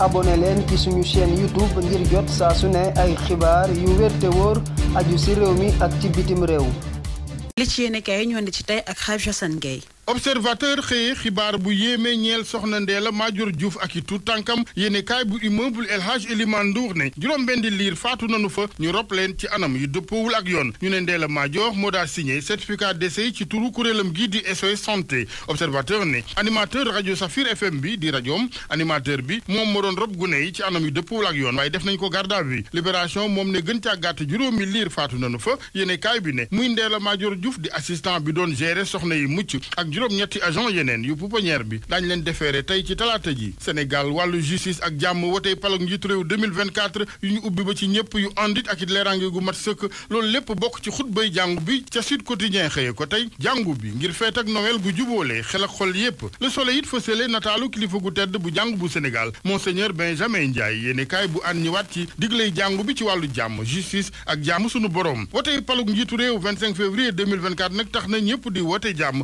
abonné leen ci suñu chaîne YouTube ngir jot saa su ay xibaar yu wér te wóor aju ci réew mi ak ci bitim réew. li ci yéene kaay ñoo ne ci tey ak Xaaj Assane Gueye observateur xëyee xibaar bu yéeme ñeel soxna Ndella Madior Diouf ak i tu tànkam yéene kaay bu immeuble El Hadj Eliman Ndour ne juróom-benn liir faatu nanu fa ñu rob leen ci anam yu dëppoowul ak yoon ñu ne Ndella Madior moo daa signé certificat d'essai ci turu kuréelam gii di SOS santé observateur ne animateur rajo Safir FM bi di rajoom animateur bi moom moo doon rob gune yi ci anam yu dëppoowul ak yoon waaye def nañ ko garda bi libération moom ne gën caa juróomi liir faatu nanu fa yéene kaay bi ne muy Ndella Madior Diouf di assistant bi doon gérer soxna yi mucc ak juróom-ñetti agent yeneen yu pouponnière bi daañu leen defeere tey ci talaata ji Sénégal wàllu justice ak jàmm wotey palog njiitu réew 2024 yu ñu ubbi ba ci ñëpp yu andit ak it leeraange gu mat sëkk loolu lépp bokk ci xutbay jàngu bi ca Sud Quotidien xëye ko tey jàngu bi ngir feet ak Noël gu juboolee xel ak xol yépp Le Soleil it fësale nataalu kilifa gu tedd bu jàngu bu Sénégal Monseigneur Benjamin Ndiaye yéene kaay bu an waat ci digley jàngu bi ci wàllu jàmm justice ak jàmm sunu borom wotey palug njiitu réew 25 février 2024 nag tax na ñëpp di jàmm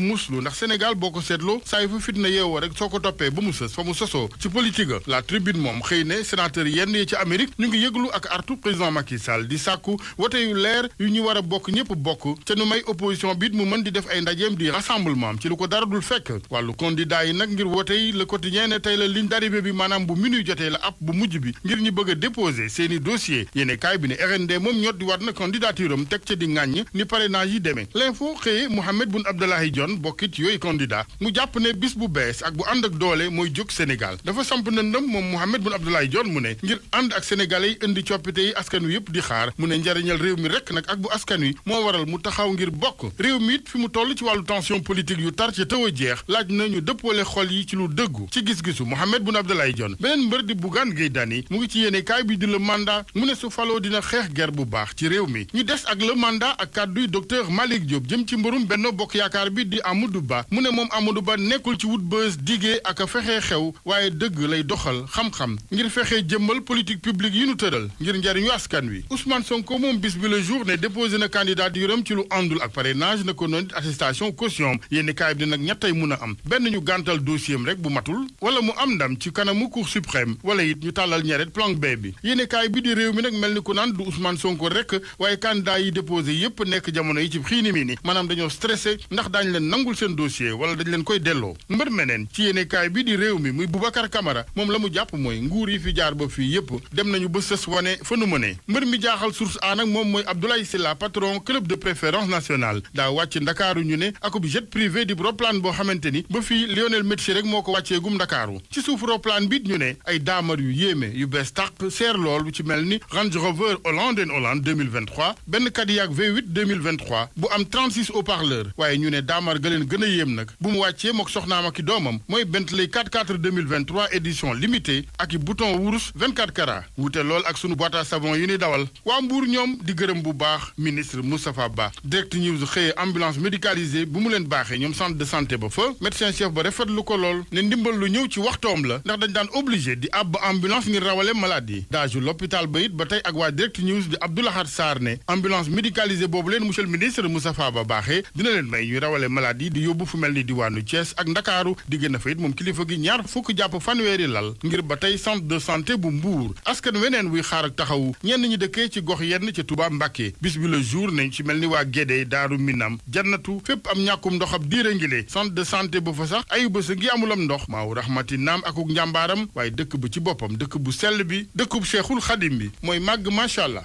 muslu ndax Sénégal boo ko seetloo saa yu fa fitna yeewoo rek soo ko toppee ba mu sës fa mu sosoo ci politique la tribune moom xëy ne sénateur yenn yi ci Amérique ñu ngi yëglu ak artu président Macky Sall di sàkku wote yu leer ñu war a bokk ñëpp bokk te nu may opposition bi it mën di def ay ndajeem di rassemblement ci lu ko dara dul fekk wàllu candidat yi nag ngir wote yi le quotidien ne tey la ligne d'arrivée bi maanaam bu minuy jotee la ab bu mujj bi ngir ñi bëgg a déposer seen i dossier yéene kaay bi ne RND moom ñot di war na candidature am teg ca di ŋàññ ni parrainage yi demee l'info xëye Mouhamed Boun Abdallah Dionne Bougane bokkit yooyu candidat mu jàpp ne bis bu bees ak bu ànd ak doole mooy jóg Sénégal dafa samp nëndam moom Mahammed Boun Abdallah Dionne mu ne ngir ànd ak sénégalais yi indi coppite yi askan wi yëpp di xaar mu ne njariñal réew mi rekk nag ak bu askan wi moo waral mu taxaw ngir bokk réew mi it fi mu toll ci wàllu tension politique yu tar ci tëw a jeex laaj na ñu dëppoole xol yi ci lu dëggu ci gis-gisu Mahammed Boun Abdallah Dionne beneen mbër di Bougane Gueye Dany mu ngi ci yéene kaay bi di le mandat mu ne su faloo dina xeex ger bu baax ci réew mi ñu des ak le mandat ak kàdduy docteur Malick Diop ci mbërum Benno Bokk di Amadou Ba mu ne moom Amadou Ba nekkul ci wut bës diggee ak a fexe xew waaye dëgg lay doxal xam-xam ngir fexe jëmmal politique publique yi nu tëral ngir njariñu askan wi Ousmane Sonko moom bis bi le jour ne déposé na candidaturam ci lu àndul ak parrainage na ko noonu attestation caution yénni kaay bi nag ñettay mun a am benn ñu gàntal dossier am rek bu matul wala mu am ndam ci kanamu cour suprême wala it ñu tàllal ñaret plan B bi yénni kaay bi di réew mi nag mel ni ku naan du Ousmane Sonko rek waaye candidat yi déposé yépp nekk jamono yi ci xiini mi ni nangul seen dossier wala dañ leen koy delloo mbër meneen ci yéenekaay bi di réew mi muy Boubacar Camara moom la mu jàpp mooy nguur yi fi jaar ba fii yépp dem nañu ba sës wane fa nu mënee mbër mi jaaxal source a nag moom mooy Abdoulaye Sylla patron club de préférence nationale daa wàcc ndakaaru ñu ne akub jet privé di roplaan boo xamante ni ba fii Lionel Messi rek moo ko wàcceegum ndakaaru ci suuf roplaan biit ñu ne ay daamar yu yéeme yu bees tàq seer lool lu mel ni V8 2023 bu am 36 haut waaye ñu ne daamar ga leen gën a yéem nag bu mu wàccee mook soxnaam ak i doomam mooy Bentley 44 2023 édition ak i bouton wurus 24 carats lool ak sunu boîte savon yi ni dawal waa Mbour ñoom di gërëm bu baax ministre Moustapha Ba direct news xëye ambulance médicalisée bu mu leen baaxee ñoom centre de santé ba fa médecin chef ba rafetlu ko lool ne ndimbal lu ñëw ci waxtoom la ndax dañ daan obligé di àbb ambulance ngir rawale malade yi daaju l'hôpital ba it ba tey ak waa stade yi di yóbbu fu mel ni diwaanu Thiès ak ndakaaru digg na fa it moom kilifa gi ñaar fukk jàpp fanweeri lal ngir ba tey centre de santé bu mbuur askan weneen wuy xaar ak taxawu ñenn ñi dëkkee ci gox yenn ca tubaab Mbàkke bis bi la jour nañ ci mel ni waa Gédé Daaru Minam jannatu fépp am ñàkkum ndox ab diire ngile centre de santé bu fa sax ayu bés ngi amulam ndox maaw raxmati naam akuk njàmbaaram waaye dëkk bu ci boppam dëkk bu sell bi dëkkub seexul Xadim bi mooy màgg macha allah